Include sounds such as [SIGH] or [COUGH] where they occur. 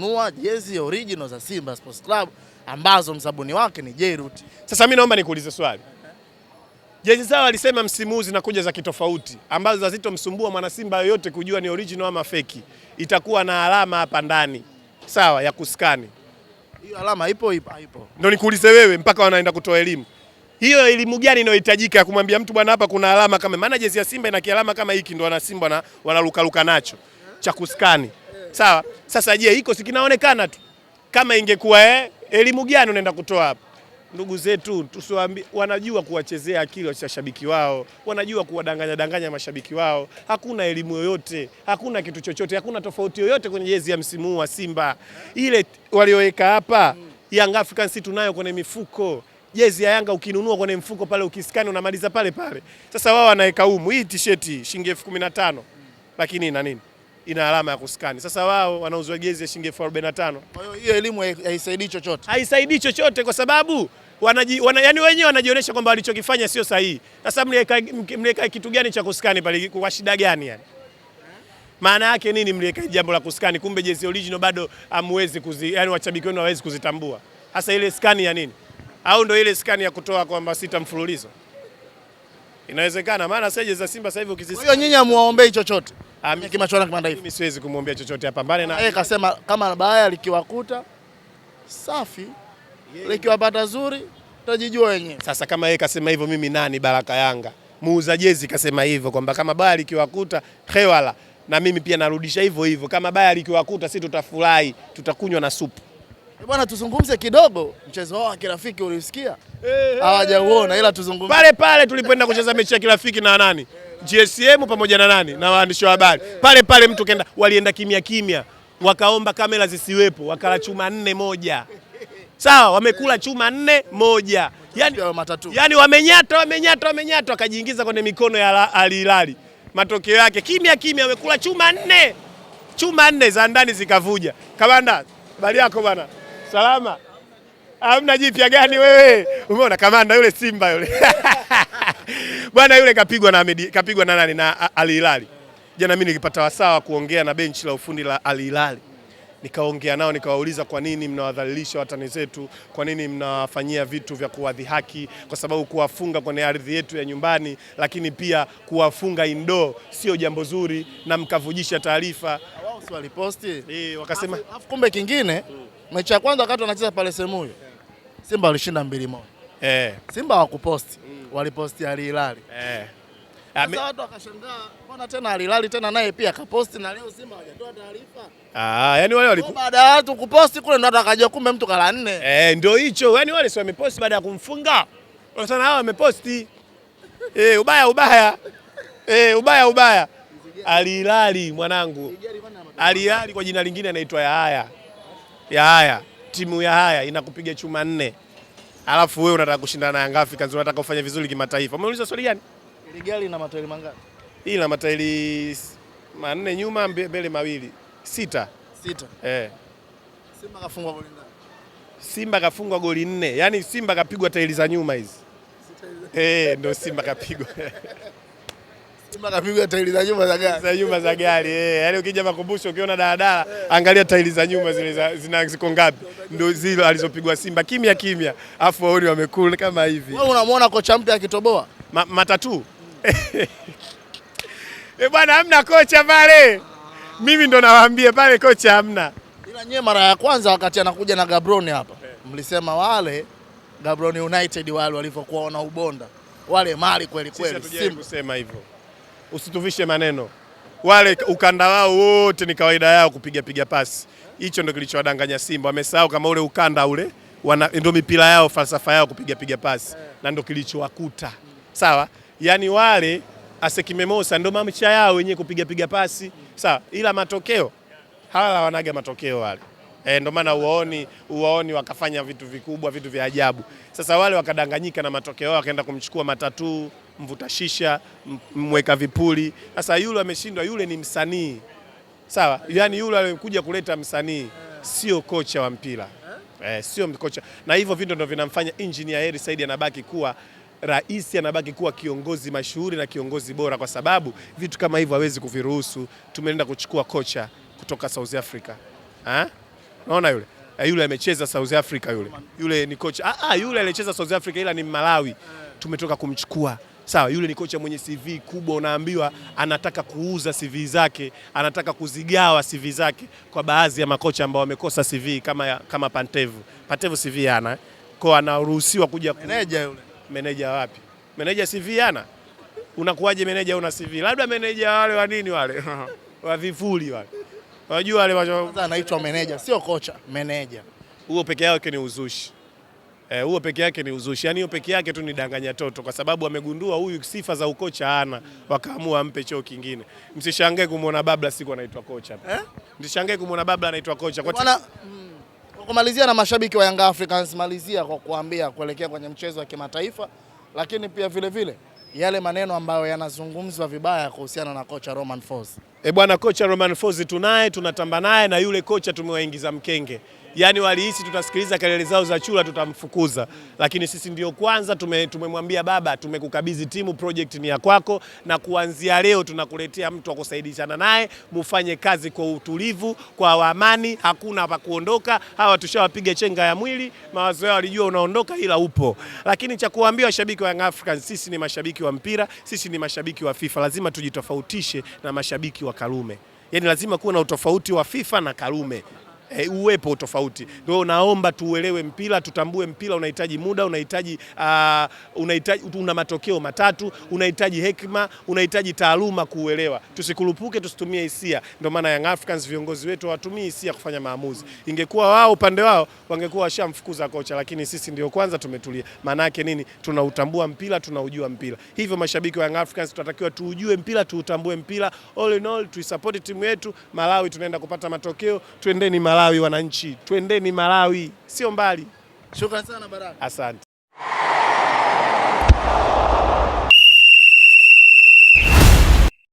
kununua jezi ya original za Simba Sports Club ambazo msabuni wake ni Jerut. Sasa mimi naomba nikuulize swali. Jezi zao alisema msimu huu zinakuja za kitofauti ambazo hazitomsumbua mwana Simba yoyote kujua ni original ama feki. Itakuwa na alama hapa ndani, sawa, ya kuskani. Hiyo alama ipo, ipo, ipo. Ndio nikuulize wewe, mpaka wanaenda kutoa elimu hiyo elimu gani inayohitajika ya kumwambia mtu bwana, hapa kuna alama kama, maana jezi ya Simba ina kialama kama hiki, ndo wana Simba wanarukaruka nacho cha kuskani. Sawa. Sasa je, iko si kinaonekana tu kama ingekuwa eh, elimu gani unaenda kutoa hapa? Ndugu zetu tusiwaambie, wanajua kuwachezea akili washabiki wao, wanajua kuwadanganya danganya mashabiki wao. Hakuna elimu yoyote, hakuna kitu chochote, hakuna tofauti yoyote kwenye jezi ya msimu huu wa Simba. Ile walioweka hapa Young Africans tunayo kwenye mifuko jezi ya Yanga ukinunua kwenye mfuko pale, ukisikani unamaliza pale pale. Sasa wao wanaweka humu, hii t-shirt shilingi elfu kumi na tano lakini ina nini? ina alama ya kuskani. Sasa wao wanauzwa gezi ya shilingi elfu arobaini na tano. Kwa hiyo hiyo elimu haisaidii chochote, haisaidii chochote kwa sababu wanaji, wana, yani wenyewe wanajionyesha kwamba walichokifanya sio sahihi. Sasa mliweka kitu gani cha kuskani pale? Kwa shida gani yani? Maana yake nini mliweka jambo la kuskani? Kumbe jezi original bado hamwezi kuzi, yani wachabiki wenu hawezi kuzitambua. Sasa ile skani ya nini? Au ndio ile skani ya kutoa kwamba sita mfululizo? Inawezekana, maana sasa jezi za Simba sasa hivi ukizisikia. Kwa hiyo nyinyi hamuwaombei chochote kimachoana ah, kimataifa. Mimi siwezi kumwambia chochote, mbali na yeye. Kasema kama baya likiwakuta safi, likiwapata zuri tajijua wenyewe. Sasa kama yeye kasema hivyo, mimi nani Baraka Yanga muuza jezi kasema hivyo kwamba kama baya likiwakuta hewala, na mimi pia narudisha hivyo hivyo, kama baya likiwakuta si tutafurahi, tutakunywa na supu. Eh, bwana, tuzungumze kidogo, mchezo wao wa kirafiki ulisikia? Eh, eh. Hawajauona ila tuzungumze. Pale pale tulipoenda kucheza mechi ya kirafiki na nani? GSM pamoja na nani na waandishi wa habari eh. pale pale, mtu kenda, walienda kimya kimya, wakaomba kamera zisiwepo, wakala chuma nne moja. Sawa, wamekula chuma nne moja, yani, yani wamenyata wamenyata wamenyata, wakajiingiza kwenye mikono ya alilali Matokeo yake kimya kimya, wamekula chuma nne chuma nne za ndani zikavuja. Kamanda, habari yako bwana? Salama, hamna jipya gani wewe? Umeona kamanda yule Simba yule [LAUGHS] [LAUGHS] bwana yule kapigwa na Ahmed, kapigwa na nani na Al Hilal. Jana mimi nikipata wasaa wa kuongea na benchi la ufundi la Al Hilal, nikaongea nao nikawauliza, kwa nini mnawadhalilisha watani zetu? Kwa nini mnawafanyia vitu vya kuwadhihaki? Kwa sababu kuwafunga kwenye ardhi yetu ya nyumbani, lakini pia kuwafunga indo sio jambo zuri, na mkavujisha taarifa wao, si waliposti eh, wakasema afu, kumbe kingine mm. mechi ya kwanza wakati wanacheza pale Semuyo Simba walishinda mbili moja. Eh. Simba hawakuposti mm waliposti Al Hilal eh. Sasa watu wakashangaa mbona tena Al Hilal tena naye pia kaposti na leo Simba hawajatoa taarifa. Ah, yani wale wali baada ya watu kuposti kule ndo atakaja kumbe mtu kala nne. Eh, ndio hicho. Yani wale si wameposti baada ya kumfunga. Wasana hao wameposti. Eh, ubaya ubaya. Eh, ubaya ubaya. Al Hilal mwanangu. Al Hilal kwa jina lingine anaitwa Yahaya. Yahaya. Timu ya Yahaya inakupiga chuma nne alafu wewe unataka kushindana na Young Africans, unataka kufanya vizuri kimataifa. Umeuliza swali gani? Ile gari ina matairi mangapi? Hii ina matairi manne nyuma, mbele mawili, sita. Sita. Eh. Simba kafungwa goli ngapi? Simba kafungwa goli nne. Yaani Simba kapigwa tairi za nyuma hizi. Eh, ndo Simba kapigwa [LAUGHS] Kapigwa tairi za nyuma za gari. Za nyuma za gari. Eh, yaani ukija makumbusho ukiona daladala angalia tairi za nyuma zile zina ziko ngapi? Ndio zile alizopigwa Simba kimya kimya. Afu waoni wamekula kama hivi. Wewe unamwona kocha mpya akitoboa? Ma, matatu. [LAUGHS] Eh, bwana hamna kocha pale. Mimi ndo nawaambia pale kocha hamna. Ila nyewe mara ya kwanza wakati anakuja na Gabroni hapa. Mlisema wale Gabroni United wale walivyokuwa wana ubonda. Wale mali kweli kweli. hatujui Kusema hivyo usituvishe maneno. Wale ukanda wao wote ni kawaida yao kupiga piga pasi. Hicho ndio kilichowadanganya Simba, wamesahau kama ule ukanda ule ndio mipira yao, falsafa yao kupiga piga pasi, na ndio kilichowakuta. Sawa, yani wale asekimemosa ndio mamcha yao wenyewe kupiga piga pasi, sawa, ila matokeo hawa wanaga matokeo wale E, ndio maana uwaoni uwaoni wakafanya vitu vikubwa vitu vya ajabu. Sasa wale wakadanganyika na matokeo wakaenda kumchukua matatu mvuta shisha, mweka vipuli. Sasa yule ameshindwa, yule ni msanii sawa, yaani yule alikuja kuleta msanii, sio kocha wa mpira eh, sio kocha, na hivyo vitu ndio vinamfanya engineer Hersi Said anabaki kuwa rais anabaki kuwa kiongozi mashuhuri na kiongozi bora, kwa sababu vitu kama hivyo hawezi kuviruhusu. Tumeenda kuchukua kocha kutoka South Africa ha? Naona yule eh, yule amecheza South Africa yule yule ni kocha ah, ah, yule alicheza South Africa ila ni Malawi, tumetoka kumchukua sawa, yule ni kocha mwenye CV kubwa, unaambiwa anataka kuuza CV zake, anataka kuzigawa CV zake kwa baadhi ya makocha ambao wamekosa CV kama, ya, kama Pantevu. Pantevu CV ana kwa anaruhusiwa kuja ku... meneja yule, meneja wapi? Meneja CV ana, unakuwaje meneja una CV? Labda meneja wale wa nini wale [LAUGHS] wa vifuli wale, unajua wale, wa... anaitwa meneja, sio kocha. Meneja huo peke yake ni uzushi. Eh, huo peke yake ni uzushi. Yaani hiyo peke yake tu ni danganya toto, kwa sababu amegundua huyu sifa za ukocha ana, wakaamua ampe cheo kingine. Msishangae kumuona Babla siku anaitwa kocha eh? Msishangae kumwona Babla anaitwa kocha kwa Mwana... Mm. kumalizia na mashabiki wa Young Africans, malizia kwa kuambia kuelekea kwenye mchezo wa kimataifa, lakini pia vile vile yale maneno ambayo yanazungumzwa vibaya kuhusiana na kocha Roman Folz. Eh, bwana kocha Roman Folz tunaye, tunatamba naye na yule kocha tumewaingiza mkenge yani walihisi tutasikiliza kelele zao za chura tutamfukuza, lakini sisi ndio kwanza tumemwambia tume baba, tumekukabidhi timu, project ni ya kwako, na kuanzia leo tunakuletea mtu kusaidishana naye, mufanye kazi kwa utulivu, kwa amani, hakuna pa kuondoka. Hawa tushawapiga chenga ya mwili, mawazo yao walijua unaondoka, ila upo. Lakini cha kuambia washabiki wa Young Africans, sisi ni mashabiki wa mpira, sisi ni mashabiki wa FIFA, lazima tujitofautishe na mashabiki wa Karume. Yani lazima kuwe na utofauti wa FIFA na Karume. E, uwepo tofauti. Kwa naomba tuuelewe mpira, tutambue mpira unahitaji muda, unahitaji uh, unahitaji una matokeo matatu, unahitaji hekima, unahitaji taaluma kuuelewa. Tusikurupuke, tusitumie hisia. Ndio maana Young Africans viongozi wetu hawatumii hisia kufanya maamuzi. Ingekuwa wao upande wao wangekuwa washamfukuza kocha, lakini sisi ndio kwanza tumetulia. Maana yake nini? Tunautambua mpira, tunaujua mpira. Hivyo mashabiki wa Young Africans tunatakiwa tuujue mpira, tuutambue mpira. All in all, tuisupport timu yetu. Malawi tunaenda kupata matokeo. Twendeni Malawi. Malawi wananchi, twendeni Malawi, sio mbali. Shukrani sana Baraka. Asante.